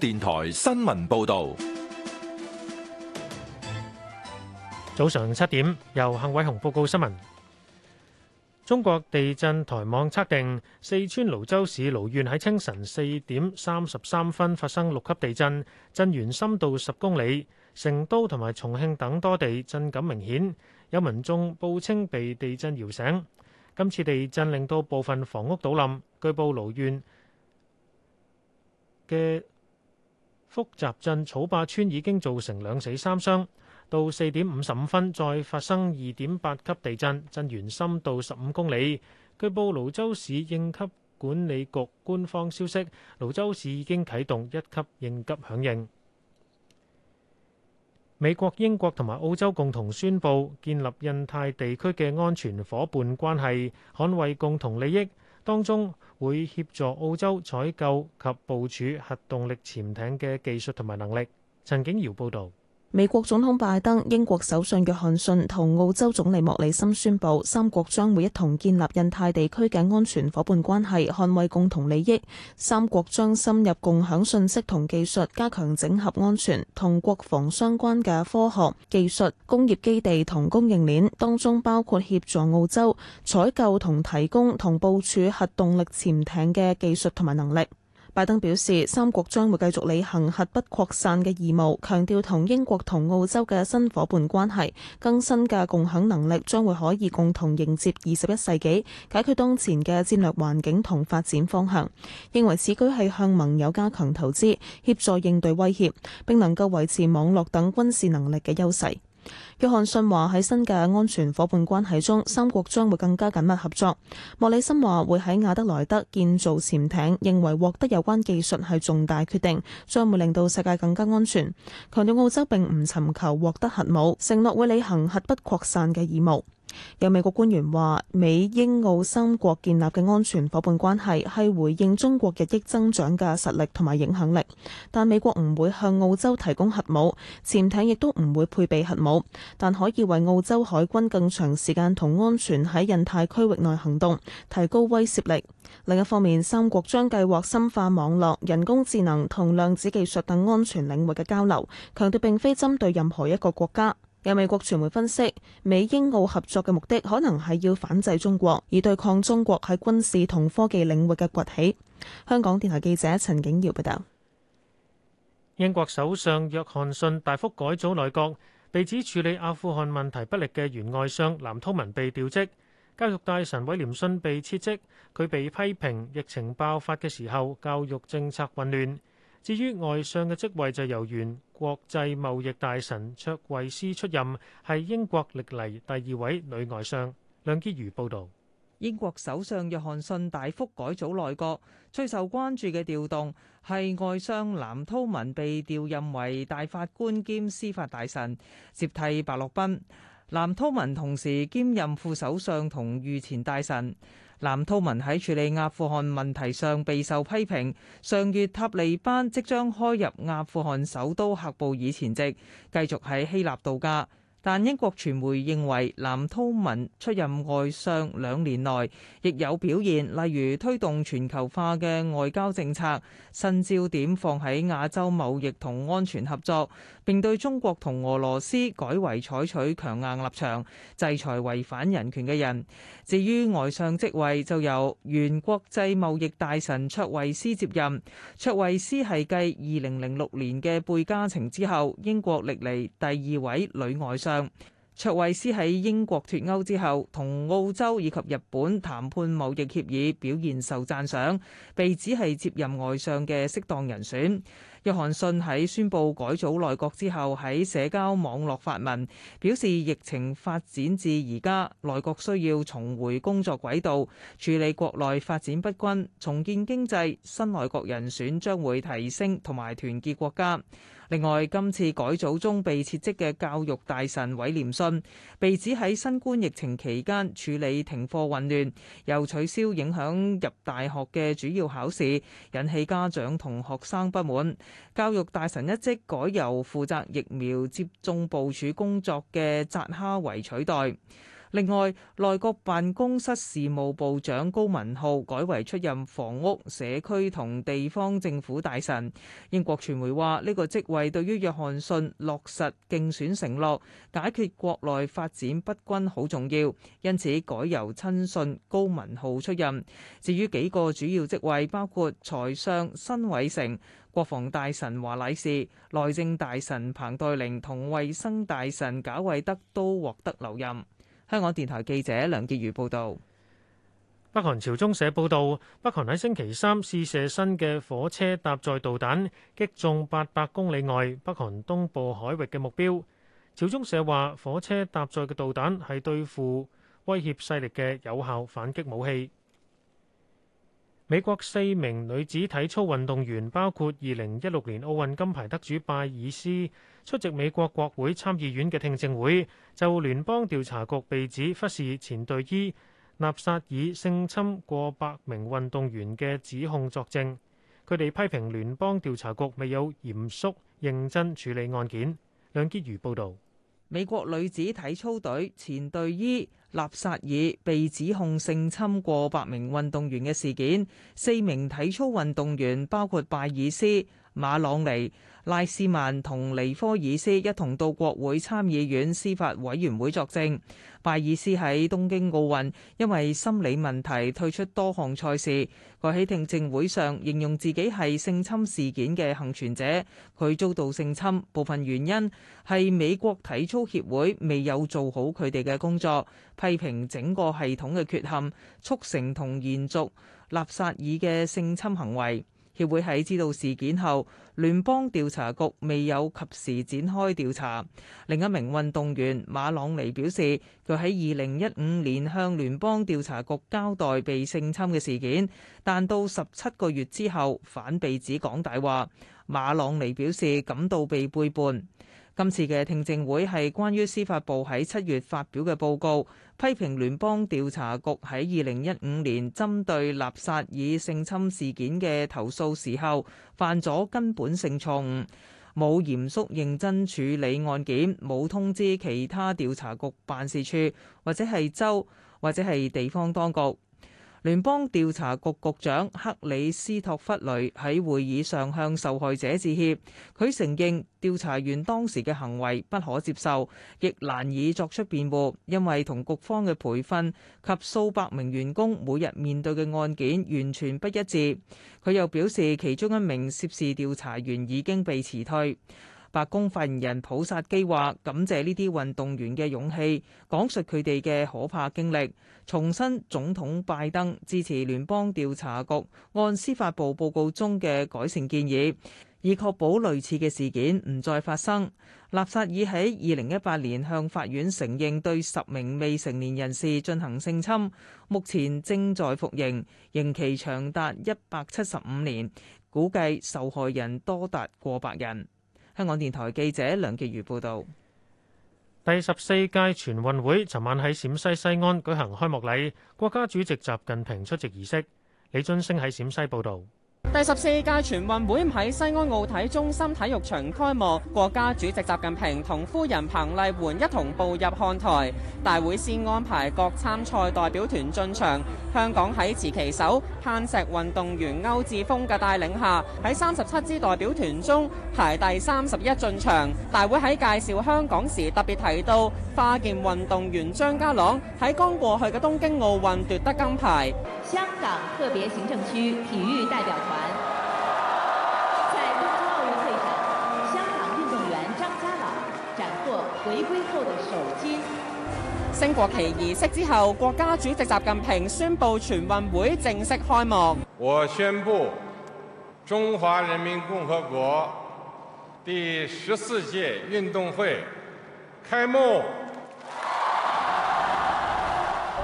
電台新聞報道，早上七點由幸偉雄報告新聞。中國地震台網測定，四川瀘州市瀘縣喺清晨四點三十三分發生六級地震，震源深度十公里，成都同埋重慶等多地震感明顯，有民眾報稱被地震搖醒。今次地震令到部分房屋倒冧，據報瀘縣嘅福集鎮草壩村已經造成兩死三傷，到四點五十五分再發生二點八級地震，震源深度十五公里。據報，瀘州市應急管理局官方消息，瀘州市已經啟動一級應急響應。美國、英國同埋澳洲共同宣布建立印太地區嘅安全伙伴關係，捍衞共同利益。當中會協助澳洲採購及部署核動力潛艇嘅技術同埋能力。陳景瑤報導。美國總統拜登、英國首相約翰遜同澳洲總理莫里森宣布，三國將會一同建立印太地區嘅安全伙伴關係，捍衛共同利益。三國將深入共享信息同技術，加強整合安全同國防相關嘅科學、技術、工業基地同供應鏈，當中包括協助澳洲採購同提供同部署核動力潛艇嘅技術同埋能力。拜登表示，三國將會繼續履行核不擴散嘅義務，強調同英國同澳洲嘅新伙伴關係、更新嘅共享能力將會可以共同迎接二十一世紀，解決當前嘅戰略環境同發展方向。認為此舉係向盟友加強投資，協助應對威脅，並能夠維持網絡等軍事能力嘅優勢。約翰遜話喺新嘅安全伙伴關係中，三國將會更加緊密合作。莫里森話會喺亞德萊德建造潛艇，認為獲得有關技術係重大決定，將會令到世界更加安全。強調澳洲並唔尋求獲得核武，承諾會履行核不擴散嘅義務。有美國官員話，美英澳三國建立嘅安全伙伴關係係回應中國日益增長嘅實力同埋影響力，但美國唔會向澳洲提供核武，潛艇亦都唔會配備核武，但可以為澳洲海軍更長時間同安全喺印太區域內行動，提高威懾力。另一方面，三國將計劃深化網絡、人工智能同量子技術等安全領域嘅交流，強調並非針對任何一個國家。有美國傳媒分析，美英澳合作嘅目的可能係要反制中國，以對抗中國喺軍事同科技領域嘅崛起。香港電台記者陳景堯報道。英國首相約翰遜大幅改組內閣，被指處理阿富汗問題不力嘅原外相藍韜文被調職，教育大臣威廉遜被撤職，佢被批評疫情爆發嘅時候教育政策混亂。至於外相嘅職位就由原國際貿易大臣卓慧斯出任，係英國歷嚟第二位女外相。梁潔如報導，英國首相約翰遜大幅改組內閣，最受關注嘅調動係外相藍韜文被調任為大法官兼司法大臣，接替白洛賓。藍韜文同時兼任副首相同御前大臣。藍韜文喺處理阿富汗問題上備受批評。上月塔利班即將開入阿富汗首都喀布爾前夕，繼續喺希臘度假。但英國傳媒認為，藍韜文出任外相兩年內亦有表現，例如推動全球化嘅外交政策，新焦點放喺亞洲貿易同安全合作，並對中國同俄羅斯改為採取強硬立場，制裁違反人權嘅人。至於外相職位就由原國際貿易大臣卓慧思接任，卓慧思係繼二零零六年嘅貝嘉晴之後，英國歷嚟第二位女外相。卓慧斯喺英國脫歐之後，同澳洲以及日本談判貿易協議，表現受讚賞，被指係接任外相嘅適當人選。約翰遜喺宣布改組內閣之後，喺社交網絡發文，表示疫情發展至而家，內閣需要重回工作軌道，處理國內發展不均，重建經濟。新內閣人選將會提升同埋團結國家。另外，今次改組中被撤職嘅教育大臣威廉遜，被指喺新冠疫情期間處理停課混亂，又取消影響入大學嘅主要考試，引起家長同學生不滿。教育大臣一職改由負責疫苗接種部署工作嘅扎哈維取代。另外，內閣辦公室事務部長高文浩改為出任房屋、社區同地方政府大臣。英國傳媒話，呢個職位對於約翰遜落實競選承諾、解決國內發展不均好重要，因此改由親信高文浩出任。至於幾個主要職位，包括財相辛偉誠、國防大臣華禮士、內政大臣彭黛玲同衛生大臣賈偉德都獲得留任。香港電台記者梁潔如報道，北韓朝中社報道，北韓喺星期三試射新嘅火車搭載導彈，擊中八百公里外北韓東部海域嘅目標。朝中社話，火車搭載嘅導彈係對付威脅勢力嘅有效反擊武器。美國四名女子體操運動員，包括二零一六年奧運金牌得主拜爾斯，出席美國國會參議院嘅聽證會，就聯邦調查局被指忽視前隊醫納薩爾性侵過百名運動員嘅指控作證。佢哋批評聯邦調查局未有嚴肅認真處理案件。梁潔如報導，美國女子體操隊前隊醫。納薩爾被指控性侵過百名運動員嘅事件，四名體操運動員包括拜爾斯。馬朗尼、拉斯曼同尼科爾斯一同到國會參議院司法委員會作證。拜爾斯喺東京奧運因為心理問題退出多項賽事。佢喺聽證會上形容自己係性侵事件嘅幸存者，佢遭到性侵，部分原因係美國體操協會未有做好佢哋嘅工作，批評整個系統嘅缺陷，促成同延續納薩爾嘅性侵行為。協會喺知道事件後，聯邦調查局未有及時展開調查。另一名運動員馬朗尼表示，佢喺二零一五年向聯邦調查局交代被性侵嘅事件，但到十七個月之後反被指講大話，馬朗尼表示感到被背叛。今次嘅聽證會係關於司法部喺七月發表嘅報告，批評聯邦調查局喺二零一五年針對納撒爾性侵事件嘅投訴時候犯咗根本性錯誤，冇嚴肅認真處理案件，冇通知其他調查局辦事處或者係州或者係地方當局。聯邦調查局局長克里斯托弗雷喺會議上向受害者致歉。佢承認調查員當時嘅行為不可接受，亦難以作出辯護，因為同局方嘅培訓及數百名員工每日面對嘅案件完全不一致。佢又表示，其中一名涉事調查員已經被辭退。白宮發言人普薩基話，感謝呢啲運動員嘅勇氣，講述佢哋嘅可怕經歷，重申總統拜登支持聯邦調查局按司法部報告中嘅改善建議，以確保類似嘅事件唔再發生。納薩爾喺二零一八年向法院承認對十名未成年人士進行性侵，目前正在服刑，刑期長達一百七十五年，估計受害人多達過百人。香港電台記者梁潔如報道：第十四屆全運會尋晚喺陝西西安舉行開幕禮，國家主席習近平出席儀式。李津升喺陝西報道。第十四屆全運會喺西安奧體中心體育場開幕，國家主席習近平同夫人彭麗媛一同步入看台。大會先安排各參賽代表團進場，香港喺持旗手攀石運動員歐志峰嘅帶領下，喺三十七支代表團中排第三十一進場。大會喺介紹香港時特別提到，花劍運動員張家朗喺剛過去嘅東京奧運奪得金牌。香港特別行政區體育代表團。升國旗儀式之後，國家主席習近平宣布全運會正式開幕。我宣布，中華人民共和國第十四屆運動會開幕。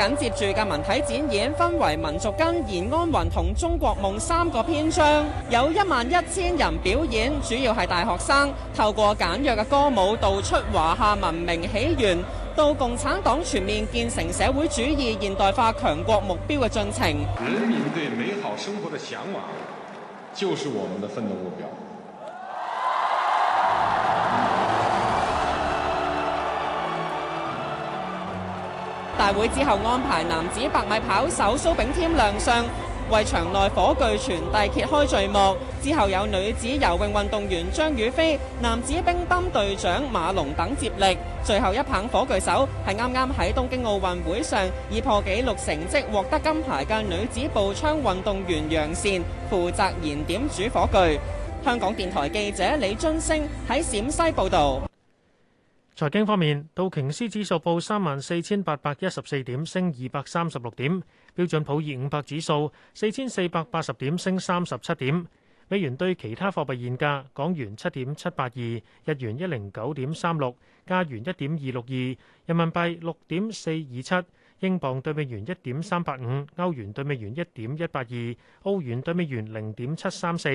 緊接住嘅文體展演分為民族根、延安魂同中國夢三個篇章，有一萬一千人表演，主要係大學生，透過簡約嘅歌舞道出華夏文明起源到共產黨全面建成社會主義現代化強國目標嘅進程。人民對美好生活的向往，就是我們的奮鬥目標。會之後安排男子百米跑手蘇炳添亮相，為場內火炬傳遞揭開序幕。之後有女子游泳運動員張雨霏、男子乒乓隊長馬龍等接力。最後一棒火炬手係啱啱喺東京奧運會上以破紀錄成績獲得金牌嘅女子步槍運動員楊倩，負責燃點主火炬。香港電台記者李津星喺陝西報道。財經方面，道瓊斯指數報三萬四千八百一十四點，升二百三十六點；標準普爾五百指數四千四百八十點，升三十七點。美元對其他貨幣現價：港元七點七八二，日元一零九點三六，加元一點二六二，人民幣六點四二七，英鎊對美元一點三八五，歐元對美元一點一八二，澳元對美元零點七三四。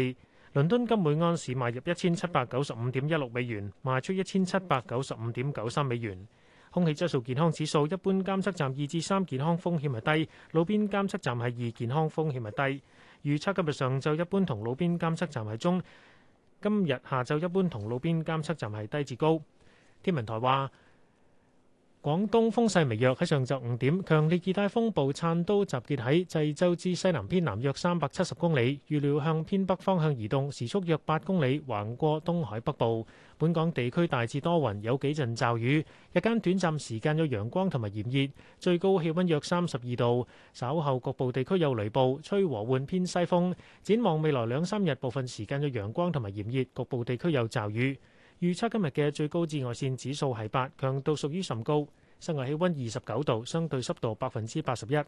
倫敦金每安士賣入一千七百九十五點一六美元，賣出一千七百九十五點九三美元。空氣質素健康指數一般監測站二至三健康風險係低，路邊監測站係二健康風險係低。預測今日上晝一般同路邊監測站係中，今日下晝一般同路邊監測站係低至高。天文台話。廣東風勢微弱，喺上晝五點，強烈熱帶風暴燦都集結喺濟州至西南偏南約三百七十公里，預料向偏北方向移動，時速約八公里，橫過東海北部。本港地區大致多雲，有幾陣驟雨，日間短暫時間有陽光同埋炎熱，最高氣温約三十二度。稍後局部地區有雷暴，吹和緩偏西風。展望未來兩三日，部分時間有陽光同埋炎熱，局部地區有驟雨。預測今日嘅最高紫外線指數係八，強度屬於甚高。室外氣溫二十九度，相對濕度百分之八十一。